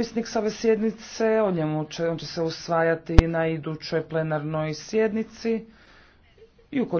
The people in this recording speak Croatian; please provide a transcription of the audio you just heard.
Zapisnik ove sjednice, o njemu će, se usvajati na idućoj plenarnoj sjednici. I